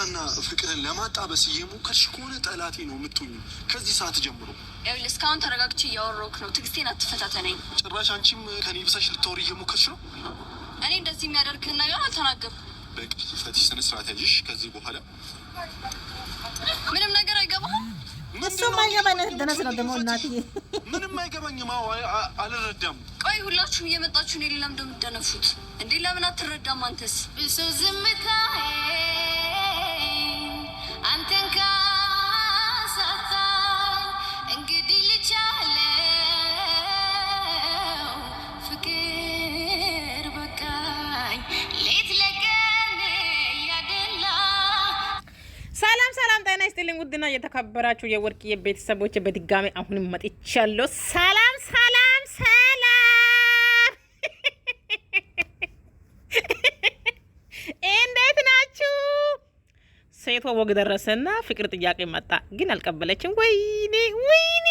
ትዝታና ፍቅርን ለማጣበስ እየሞከርሽ ከሆነ ጠላቴ ነው የምትሆኝ ከዚህ ሰዓት ጀምሮ። ይኸውልህ እስካሁን ተረጋግቼ እያወራሁህ ነው። ትዕግስቴን አትፈታተነኝ። ጭራሽ አንቺም ከኔ ብሳሽ ልታወሪ እየሞከርሽ ነው። እኔ እንደዚህ የሚያደርግህን ነገር አልተናገርኩም። በቂ ፈትሽ ስነ ስርዓት ያዥሽ። ከዚህ በኋላ ምንም ነገር አይገባህም። እሱም አይገባኝ ደነስ ነው ደግሞ እናትዬ፣ ምንም አይገባኝም። አልረዳም። ቆይ ሁላችሁም እየመጣችሁ እኔ ሌላ እንደምትደነፉት እንዴ? ለምን አትረዳም አንተስ? እሱ ዝምታ ስጥልኝ ውድና የተከበራችሁ የወርቅዬ ቤተሰቦች በድጋሚ አሁንም መጥቻለሁ። ሰላም ሰላም ሰላም፣ እንዴት ናችሁ? ሴቷ ወግ ደረሰና ፍቅር ጥያቄ መጣ፣ ግን አልቀበለችም። ወይኔ ወይኔ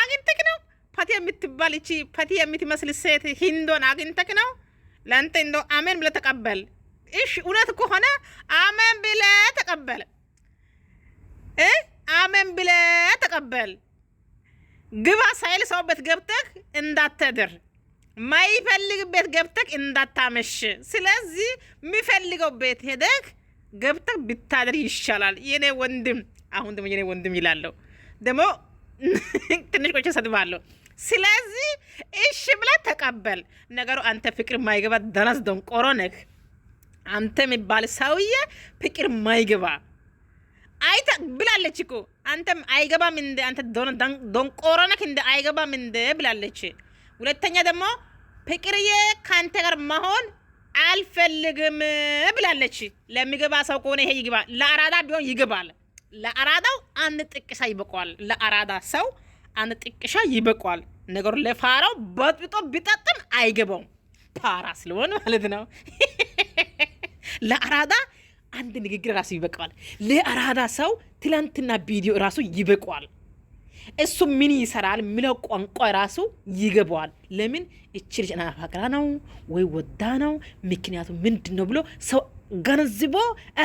አግኝተክ ነው ፓቲ የምትባል እቺ ፓቲ የምትመስል ሴት ሂንዶን አግኝተክ ነው ለአንተ እንደው አሜን ብለህ ተቀበል። እሺ እውነት ከሆነ አሜን ብለህ ተቀበል። እ አሜን ብለህ ተቀበል። ግባ ሳይል ሰው ቤት ገብተህ እንዳትድር፣ ማይፈልግ ቤት ገብተህ እንዳታመሽ። ስለዚህ የሚፈልገው ቤት ሄደህ ገብተህ ብታድር ይሻላል። የኔ ወንድም አሁን ደግሞ የኔ ወንድም ይላለሁ ደግሞ ትንሽ ቆይቼ እሰድባለሁ። ስለዚህ እሺ ብለህ ተቀበል። ነገሩ አንተ ፍቅር ማይገባ ደነዝ ደንቆሮ ነህ አንተ የሚባል ሰውዬ ፍቅር ማይገባ አይተ ብላለች እኮ አንተም አይገባም እንደ አንተ ደንቆሮ ነህ እንደ አይገባም እንደ ብላለች። ሁለተኛ ደግሞ ፍቅርዬ ከአንተ ጋር መሆን አልፈልግም ብላለች። ለሚገባ ሰው ከሆነ ይሄ ይግባ። ለአራዳ ቢሆን ይግባል። ለአራዳው አንድ ጥቅሳ ይበቋል። ለአራዳ ሰው አንጥቅሻ ይበቋል። ነገሩ ለፋራው በጥብጦ ቢጠጥም አይገባውም፣ ፋራ ስለሆነ ማለት ነው። ለአራዳ አንድ ንግግር ራሱ ይበቃዋል። ለአራዳ ሰው ትላንትና ቪዲዮ ራሱ ይበቋል። እሱ ምን ይሰራል የሚለው ቋንቋ ራሱ ይገባዋል። ለምን እቺ ልጅ ናፋቅራ ነው ወይ ወዳ ነው ምክንያቱ ምንድን ነው ብሎ ሰው ገንዝቦ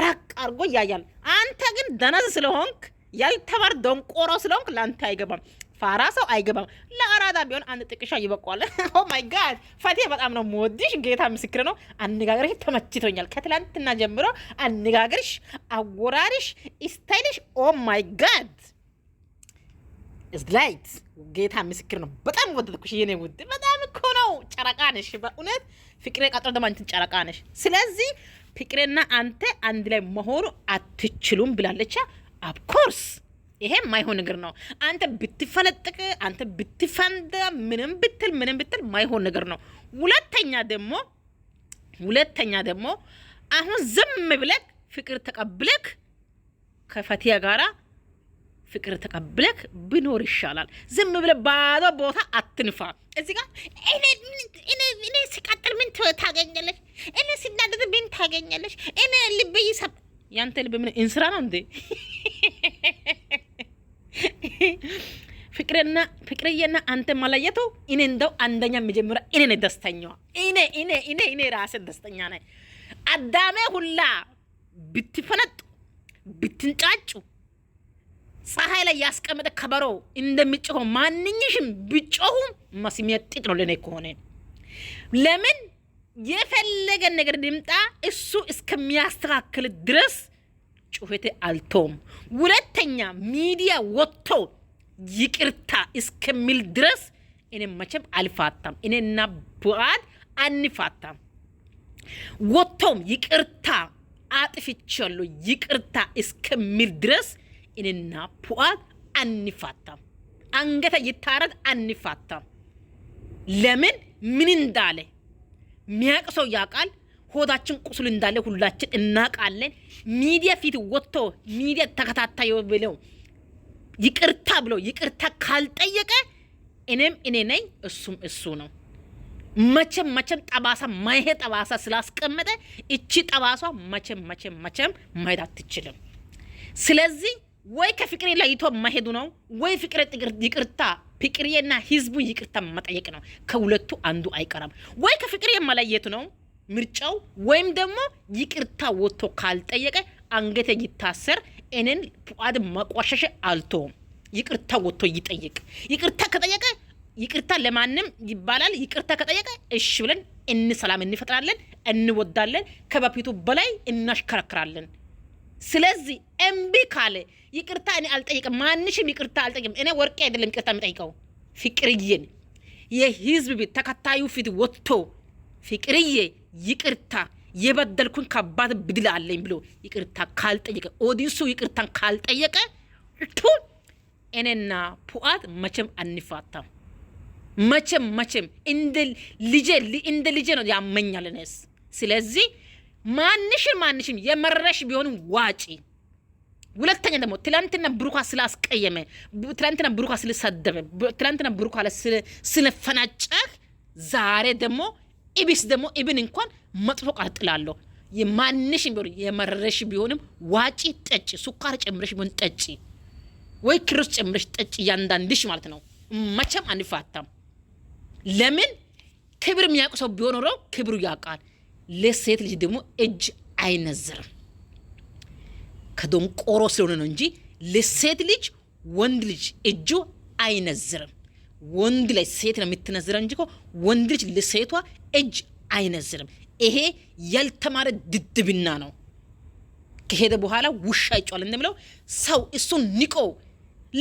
ራቅ አድርጎ ያያል። አንተ ግን ደነዝ ስለሆንክ ያልተባር ደንቆሮ ስለሆንክ ለአንተ አይገባም። ፋራ ሰው አይገባም። ለአራዳ ቢሆን አንድ ጥቅሻ ይበቋል። ኦ ማይ ጋድ ፈቴ በጣም ነው የምወድሽ። ጌታ ምስክር ነው። አነጋገርሽ ተመችቶኛል። ከትላንትና ጀምሮ አነጋገርሽ፣ አወራርሽ፣ ስታይልሽ ኦ ማይ ጋድ ስላይት ጌታ ምስክር ነው። በጣም ወደድኩሽ የኔ ውድ፣ በጣም እኮ ነው ጨረቃ ነሽ። በእውነት ፍቅሬ ቀጥሮ ደግሞ አንቺን ጨረቃ ነሽ። ስለዚህ ፍቅሬና አንተ አንድ ላይ መሆኑ አትችሉም ብላለቻ። አፍኮርስ ይሄ ማይሆን ነገር ነው። አንተ ብትፈነጥቅ፣ አንተ ብትፈንዳ፣ ምንም ብትል፣ ምንም ብትል ማይሆን ነገር ነው። ሁለተኛ ደግሞ ሁለተኛ ደግሞ አሁን ዝም ብለክ ፍቅር ተቀብለክ ከፈቲያ ጋራ ፍቅር ተቀብለክ ብኖር ይሻላል። ዝም ብለ ባዶ ቦታ አትንፋ። እዚህ ጋር እኔ ሲቃጠል ምን ታገኛለሽ? እኔ ሲናደድ ምን ታገኛለሽ? እኔ ልብ ይሰብ ያንተ ልብ ምን እንስራ ነው እንዴ? ፍቅርና ፍቅርዬና አንተ ማለየቱ እኔ እንደው አንደኛ መጀመሪያ እኔ ነኝ ደስተኛዋ። እኔ እኔ እኔ እኔ ራሴ ደስተኛ ነኝ። አዳሜ ሁላ ብትፈነጡ ብትንጫጩ ፀሐይ ላይ ያስቀመጠ ከበሮ እንደሚጮሆ ማንኝሽም ብጮሁም መስሚያጥጥ ነው ለእኔ ከሆነ ለምን የፈለገ ነገር ድምጣ እሱ እስከሚያስተካክል ድረስ ጩኸቴ አልተውም። ሁለተኛ ሚዲያ ወጥቶ ይቅርታ እስከሚል ድረስ እኔ መቼም አልፋታም። እኔና ቡአድ አንፋታም። ወጥቶም ይቅርታ አጥፍቻለሁ ይቅርታ እስከሚል ድረስ እኔና ቡአድ አንፋታም። አንገተ ይታረድ አንፋታም። ለምን ምን እንዳለ ሚያቅሰው ያውቃል። ሆዳችን ቁስል እንዳለ ሁላችን እናቃለን። ሚዲያ ፊት ወጥቶ ሚዲያ ተከታታይ ብለው ይቅርታ ብለው ይቅርታ ካልጠየቀ እኔም እኔ ነኝ እሱም እሱ ነው። መቼም መቼም ጠባሳ ማይሄ ጠባሳ ስላስቀመጠ እቺ ጠባሷ መቼም መቼም መቼም ማሄድ አትችልም። ስለዚህ ወይ ከፍቅሬ ለይቶ መሄዱ ነው ወይ ፍቅሬ ይቅርታ ፍቅሬና ህዝቡ ይቅርታ መጠየቅ ነው። ከሁለቱ አንዱ አይቀራም። ወይ ከፍቅሬ መለየቱ ነው ምርጫው ወይም ደግሞ ይቅርታ ወጥቶ ካልጠየቀ አንገተ ይታሰር። እኔን ፉአድ ማቋሸሸ አልቶም ይቅርታ ወጥቶ ይጠይቅ። ይቅርታ ከጠየቀ ይቅርታ ለማንም ይባላል። ይቅርታ ከጠየቀ እሺ ብለን እን ሰላም እንፈጥራለን፣ እንወዳለን፣ ከበፊቱ በላይ እናሽከረክራለን። ስለዚህ እምቢ ካለ ይቅርታ እኔ አልጠይቅም፣ ማንሽም ይቅርታ አልጠይቅም። እኔ ወርቄ አይደለም ይቅርታ የሚጠይቀው ፍቅርዬን የህዝብ ቤት ተከታዩ ፊት ወጥቶ ፍቅርዬ ይቅርታ የበደልኩን ከባድ ብድል አለኝ ብሎ ይቅርታ ካልጠየቀ ኦዲንሱ ይቅርታን ካልጠየቀ ቱን እኔና ፉአድ መቼም አንፋታም። መቼም መቼም እንደ ልጄ እንደ ልጄ ነው ያመኛል እኔስ። ስለዚህ ማንሽን ማንሽን የመረሽ ቢሆንም ዋጪ። ሁለተኛ ደግሞ ትላንትና ብሩኳ ስላስቀየመ፣ ትላንትና ብሩኳ ስለሰደበ፣ ትላንትና ብሩኳ ስለፈናጨህ ዛሬ ደግሞ ኢቢስ ደግሞ ኢብን እንኳን መጥፎ ቀርጥላለሁ። የማንሽ ቢሆን የመረሽ ቢሆንም ዋጪ ጠጪ፣ ሱካር ጨምረሽ ቢሆን ጠጪ፣ ወይ ክሮስ ጨምረሽ ጠጪ፣ እያንዳንድሽ ማለት ነው። መቼም አንፋታም። ለምን ክብር የሚያውቅ ሰው ቢሆን ኖሮ ክብሩ ያውቃል። ለሴት ልጅ ደግሞ እጅ አይነዝርም። ከደንቆሮ ስለሆነ ነው እንጂ ለሴት ልጅ ወንድ ልጅ እጁ አይነዝርም። ወንድ ላይ ሴት ነው የምትነዝረው እንጂ ወንድ ልጅ ለሴቷ እጅ አይነዝርም። ይሄ ያልተማረ ድድብና ነው። ከሄደ በኋላ ውሻ ይጫዋል እንደምለው ሰው እሱን ንቆ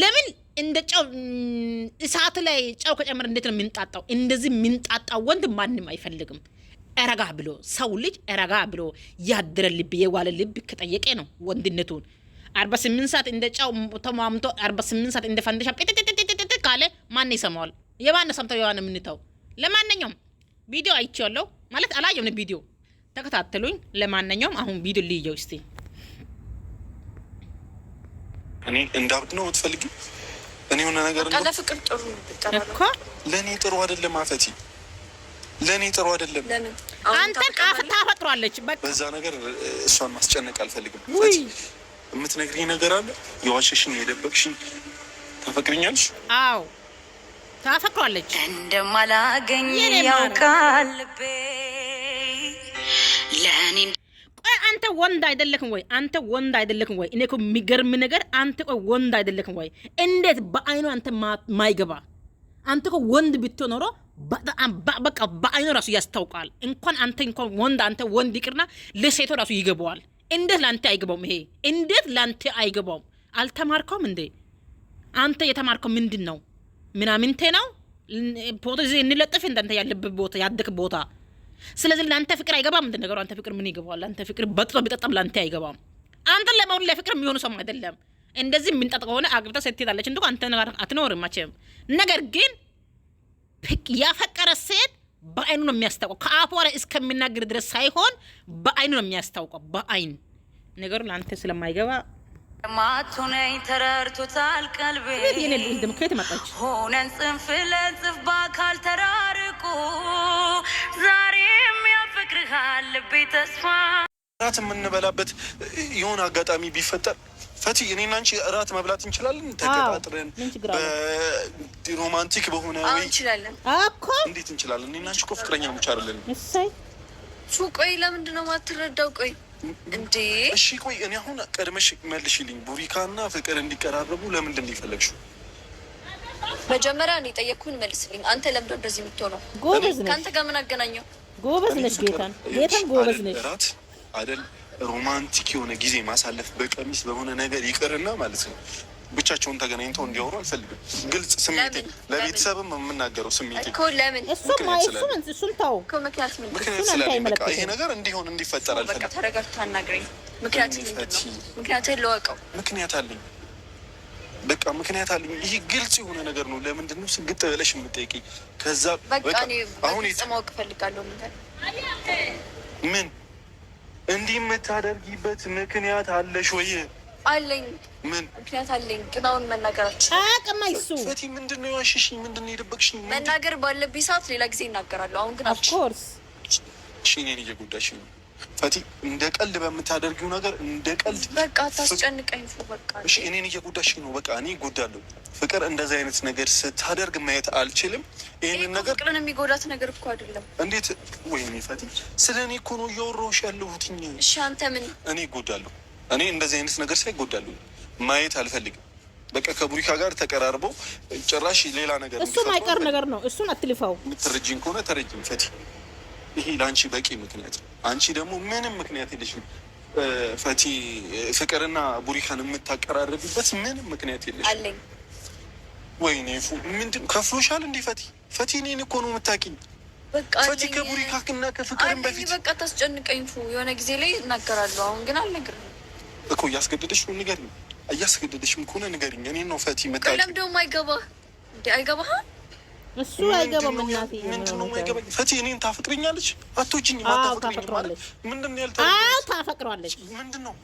ለምን እንደ ጨው እሳት ላይ ጨው ከጨመረ እንዴት ነው የምንጣጣው? እንደዚህ የምንጣጣው ወንድ ማንም አይፈልግም። ረጋ ብሎ ሰው ልጅ ረጋ ብሎ ያደረ ልብ የዋለ ልብ ከጠየቀ ነው ወንድነቱን። አርባ ስምንት ሰዓት እንደ ጨው ተሟምቶ አርባ ስምንት ሰዓት እንደ ፈንደሻ ካለ ማን ይሰማዋል? የማን ሰምተው የዋነ የምንተው ለማንኛውም ቪዲዮ አይቼዋለሁ ማለት አላየውን ቪዲዮ ተከታተሉኝ። ለማንኛውም አሁን ቪዲዮ ልይየው እስቲ። እኔ እንዳብድ ነው የምትፈልጊ? እኔ የሆነ ነገር ለፍቅር ጥሩ እኮ ለእኔ ጥሩ አይደለም። አፈቲ ለእኔ ጥሩ አይደለም። አንተ አፍታ ፈጥሯለች። በዛ ነገር እሷን ማስጨነቅ አልፈልግም። የምትነግሪኝ ነገር አለ። የዋሸሽኝ የደበቅሽኝ ታፈቅሪኛለሽ? አዎ ታፈቅሯለች እንደማላገኝ ያውቃል ለእኔ አንተ ወንድ አይደለክም ወይ? አንተ ወንድ አይደለክም ወይ? እኔ እኮ የሚገርም ነገር አንተ ቆይ ወንድ አይደለክም ወይ? እንዴት በአይኑ አንተ ማይገባ አንተ እኮ ወንድ ብትሆን ኖሮ በቃ በአይኑ ራሱ ያስታውቃል። እንኳን አንተ እንኳን ወንድ አንተ ወንድ ይቅርና ለሴቶ ራሱ ይገባዋል። እንዴት ለአንተ አይገባውም? ይሄ እንዴት ለአንተ አይገባውም? አልተማርከውም እንዴ? አንተ የተማርከው ምንድን ነው? ምናምንቴ ነው ፎቶ እንለጥፍ እንዳንተ ያለብ ቦታ ያደክ ቦታ። ስለዚህ ለአንተ ፍቅር አይገባም። እንደ ነገሩ አንተ ፍቅር ምን ይገባዋል? ለአንተ ፍቅር በጥጦ ቢጠጣም ለአንተ አይገባም። አንተን ለመውደድ ለፍቅር የሚሆኑ ሰው አይደለም። እንደዚህ የምንጠጥ ከሆነ አግብታ ሴት ትሄዳለች እንደ አንተ አትኖርም መቼም። ነገር ግን ያፈቀረ ሴት በአይኑ ነው የሚያስታውቀው። ከአፏ ላይ እስከሚናገር ድረስ ሳይሆን በአይኑ ነው የሚያስታውቀው። በአይን ነገሩ ለአንተ ስለማይገባ ማቱነኝ ተረርቶታል ቀልቤ ከየት መጣች ሆነን ጽንፍ ለጽንፍ በአካል ተራርቁ ዛሬም ያፈቅርሃል ልቤ ተስፋ እራት የምንበላበት የሆነ አጋጣሚ ቢፈጠር ፈቲ እኔና አንቺ እራት መብላት እንችላለን። ተቀጣጥረን ሮማንቲክ በሆነ እንችላለን እኮ እንዴት እንችላለን? እኔና አንቺ እኮ ፍቅረኛ ሙቻ አይደለን። ቆይ፣ ለምንድን ነው ቆይ እንዴ? እሺ ቆይ እኔ አሁን ቀድመሽ መልሽልኝ፣ ቡሪካና ፍቅር እንዲቀራረቡ ለምንድን ነው የፈለግሽው? መጀመሪያ እኔ ጠየቅኩህን መልስልኝ። አንተ ለምዶ እንደዚህ የምትሆነው ጎበዝ ነሽ። ከአንተ ጋር ምን አገናኘው? ጎበዝ ነሽ። ጌታን ጌታን ጎበዝ ነሽ። ራት አይደል? ሮማንቲክ የሆነ ጊዜ ማሳለፍ በቀሚስ በሆነ ነገር ይቅርና ማለት ነው ብቻቸውን ተገናኝተው እንዲያወሩ አልፈልግም። ግልጽ ስሜቴ ለቤተሰብም የምናገረው ስሜቴ ምክንያት ስላለኝ ይሄ ነገር እንዲሆን እንዲፈጠር አልፈልግም። ምክንያት አለኝ በቃ ምክንያት አለኝ። ይህ ግልጽ የሆነ ነገር ነው። ለምንድን ነው ስግጥ ብለሽ የምጠይቂኝ? ከዛ አሁን ማወቅ እፈልጋለሁ። ምን እንዲህ የምታደርጊበት ምክንያት አለሽ ወይ? አለኝ ምን ምክንያት አለኝ? ግን አሁን መናገራችን አቅም አይሱ ፈቲ ምንድን ነው የዋሸሽኝ? ምንድን ነው የደበቅሽኝ? መናገር ባለብኝ ሰዓት ሌላ ጊዜ እናገራለሁ። አሁን ግን ኦፍኮርስ እኔን እየጎዳሽኝ ነው ፈቲ። እንደ ቀልድ በምታደርጊው ነገር እንደ ቀልድ በቃ አታስጨንቀኝ። በቃ እሺ፣ እኔን እየጎዳሽኝ ነው። በቃ እኔ እጎዳለሁ። ፍቅር እንደዚህ አይነት ነገር ስታደርግ ማየት አልችልም። ይህንን ነገር ፍቅርን የሚጎዳት ነገር እኮ አይደለም። እንዴት ወይኔ ፈቲ፣ ስለ እኔ እኮ ነው እያወራሁሽ ያለሁትኝ። እሺ፣ አንተ ምን እኔ እጎዳለሁ እኔ እንደዚህ አይነት ነገር ሳይጎዳሉ ማየት አልፈልግም። በቃ ከቡሪካ ጋር ተቀራርቦ ጭራሽ ሌላ ነገር እሱ ማይቀር ነገር ነው። እሱን አትልፋው። የምትረጅኝ ከሆነ ተረጅም ፈቲ። ይሄ ለአንቺ በቂ ምክንያት ነው። አንቺ ደግሞ ምንም ምክንያት የለሽም ፈቲ። ፍቅርና ቡሪካን የምታቀራርብበት ምንም ምክንያት የለሽም አለኝ። ወይኔ ፉ ምንድን ከፍሎሻል እንዴ ፈቲ? ፈቲ እኔን እኮ ነው የምታውቂኝ። ፈቲ ከቡሪካ እና ከፍቅርን በፊት በቃ ታስጨንቀኝ ፉ። የሆነ ጊዜ ላይ እናገራለሁ። አሁን ግን አልነግርም እኮ እያስገደደሽ ነው። ንገሪኝ። እያስገደደሽም ከሆነ ንገሪኝ። እኔ ነው ፈቲ መጣ። ለምደው አይገባ አይገባህ እሱ አይገባም። ምንድን ነው የማይገባኝ? ፈቲ እኔን ታፈቅርኛለች? አትወጂኝም? አታፈቅረኝም ማለት ምንድን ነው ያልታ? አዎ ምንድን ነው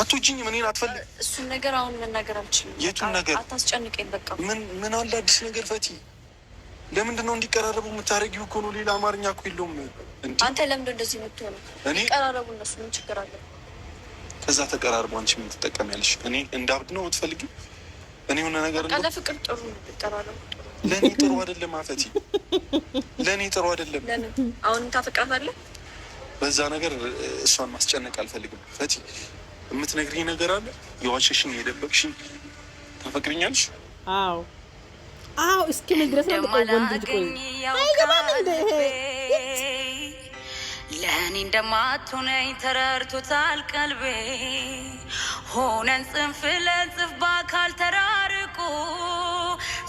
አትወጂኝም? እኔን አትፈልግም? እሱን ነገር አሁን መናገር አልችልም። የቱን ነገር? አታስጨንቀኝ። በቃ ምን ምን አለ አዲስ ነገር ፈቲ? ለምንድን ነው እንዲቀራረቡ የምታደርጊው? እኮ ነው ሌላ አማርኛ እኮ የለውም። አንተ ለምንድን እንደዚህ የምትሆነው? ቀራረቡ እነሱ ምን ችግር አለ? ከዛ ተቀራርቦ አንቺ ምን ትጠቀሚያለሽ? እኔ እንዳብድ ነው የምትፈልጊው? እኔ የሆነ ነገር ለፍቅር ጥሩ ነው። ለእኔ ጥሩ አይደለም። አፈቲ ለእኔ ጥሩ አይደለም። አሁን ታፈቅራታለህ። በዛ ነገር እሷን ማስጨነቅ አልፈልግም። ፈቲ የምትነግሪኝ ነገር አለ። የዋሸሽን የደበቅሽን ታፈቅሪኛለሽ? አዎ አዎ። እስኪ ነግረት ነው ወንድ ቆይ እኔ እንደማትሆነኝ ተረድቶታል ቀልቤ ሆነን ጽንፍ ለጽንፍ በአካል ተራርቆ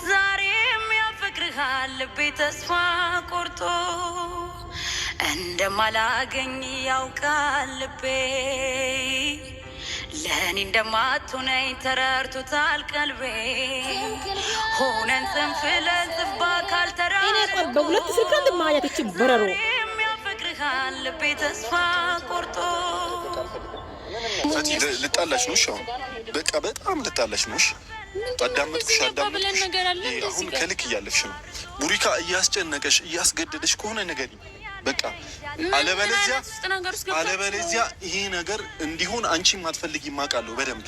ዛሬም ያፈቅርሃል ልቤ ተስፋ ቆርጦ እንደማላገኝ ያውቃል ልቤ ለእኔ እንደማትሆነኝ ተረድቶታል ቀልቤ ሆነን ጽንፍ ለጽንፍ በአካል ተራርቆ ይልሃል ልቤ ተስፋ ቆርጦ ፈቲ ልጣላሽ ነው አሁን በቃ በጣም ልጣላሽ ነው እሺ። ከልክ እያለፍሽ ነው። ቡሪካ እያስጨነቀሽ እያስገደደሽ ከሆነ ነገር በቃ አለበለዚያ አለበለዚያ ይሄ ነገር እንዲሆን አንቺ የማትፈልጊ ማቃለሁ በደንብ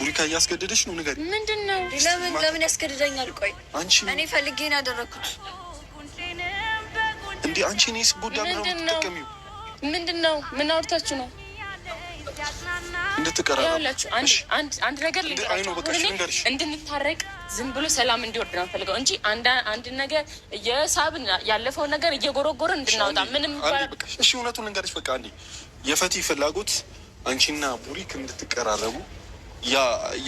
ቡሪካ እያስገደደች ነው ነገር ምንድን ነው ለምን ለምን ያስገድደኛል ቆይ አንቺ እኔ ፈልጌን ያደረግኩት እንዲ አንቺ እኔስ ጎዳ ምትጠቀሚው ምንድን ነው? ምን አውርታችሁ ነው እንድትቀራላችሁ? አንድ ነገር እንድንታረቅ ዝም ብሎ ሰላም እንዲወርድ ነው ፈልገው እንጂ አንድ ነገር የሳብን ያለፈው ነገር እየጎረጎረ እንድናወጣ ምንም። እሺ እውነቱን በቃ የፈቲ ፍላጎት አንቺና ቡሪክ እንድትቀራረቡ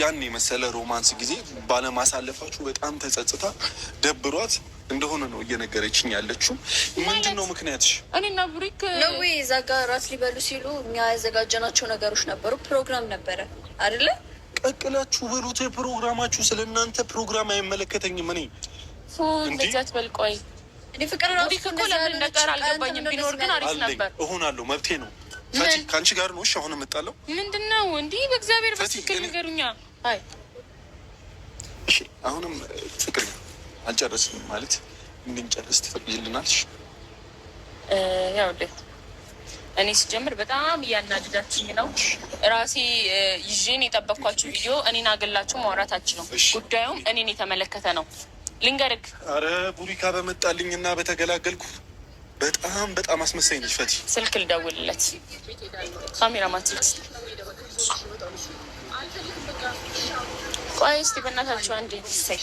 ያን የመሰለ ሮማንስ ጊዜ ባለማሳለፋችሁ በጣም ተጸጽታ ደብሯት እንደሆነ ነው እየነገረችኝ ያለችው። ምንድን ነው ምክንያትሽ? እኔና ብሪክ ነዌ እዛ ጋ ራት ሊበሉ ሲሉ እኛ ያዘጋጀናቸው ነገሮች ነበሩ። ፕሮግራም ነበረ አይደለ? ቀቅላችሁ በሉት ፕሮግራማችሁ። ስለ እናንተ ፕሮግራም አይመለከተኝም። እኔ እንደዚያ አትበልቆይ። እኔ ፍቅር ለምን ነገር አልገባኝም። ቢኖር ግን አሪፍ ነበር። እሆናለሁ፣ መብቴ ነው። ከአንቺ ጋር ነው አሁን የምጣለው። ምንድን ነው እንዲህ? በእግዚአብሔር በስልክ ነገሩኛ። አይ እሺ፣ አሁንም ፍቅር ነው አልጨረስንም ማለት እንድንጨርስ ትፈቅጂልናለሽ? ያው እኔ ሲጀምር በጣም እያናድዳችኝ ነው። ራሴ ይዤን የጠበቅኳችሁ ቪዲዮ እኔን አገላችሁ ማውራታችሁ ነው። ጉዳዩም እኔን የተመለከተ ነው። ልንገርግ አረ ቡሪካ በመጣልኝ በመጣልኝና በተገላገልኩ በጣም በጣም አስመሳኝ ነች። ፈቲ ስልክ ልደውልለት ካሜራ ማትልስ ቆይ እስኪ በእናታችሁ አንድ ሰይ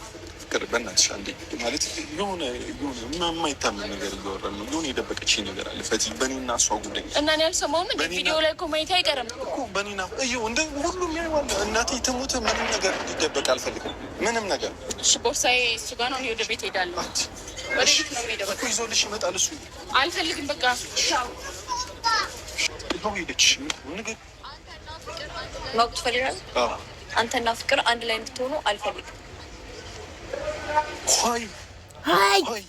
ፍቅር በእናትሽ አንዴ ማለት የሆነ የማይታመን ነገር እያወራ ነው። የሆነ የደበቀች ነገር አለ ፈቲ በእኔና እሷ ጉዳይ እና እኔ አልሰማሁም። እንደ ቪዲዮ ላይ እኮ ማየት አይቀርም እኮ በእኔና እዩ እንደ ሁሉም ያዋለ እናቴ ትሙት ምንም ነገር እንዲደበቅ አልፈልግም። ምንም ነገር እሺ፣ ቦርሳዬ እሱ ጋር ነው። ወደ ቤት ሄዳለሁ። ወደ ቤት እኮ ይዞልሽ ይመጣል። እሱ አልፈልግም በቃ ሄደች ንግግ መብት ፈልጋል። አንተና ፍቅር አንድ ላይ እንድትሆኑ አልፈልግም ሆይ ሆይ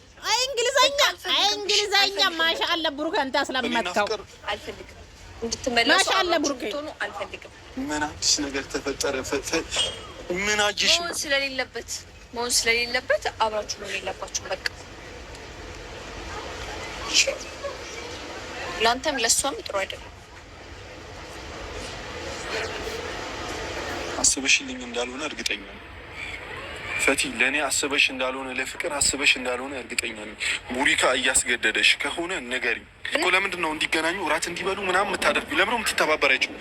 እንግሊዘኛ አይ እንግሊዘኛ ብሩክ አንተ አስለመጥከው አልፈልግም እንድትመለሱ ብሩክ ምን አዲስ ነገር ተፈጠረ ምን አጂሽ መሆን ስለሌለበት መሆን ስለሌለበት አብራችሁ ነው የሌለባችሁ በቃ ለአንተም ለእሷም ጥሩ አይደለም አስበሽልኝ እንዳልሆነ እርግጠኛ ነው ፈቲ ለእኔ አስበሽ እንዳልሆነ ለፍቅር አስበሽ እንዳልሆነ እርግጠኛ ነኝ። ቡሪካ እያስገደደሽ ከሆነ ንገሪኝ እኮ። ለምንድን ነው እንዲገናኙ እራት እንዲበሉ ምናምን የምታደርጉ ለምንድን ነው የምትተባበሪያቸው?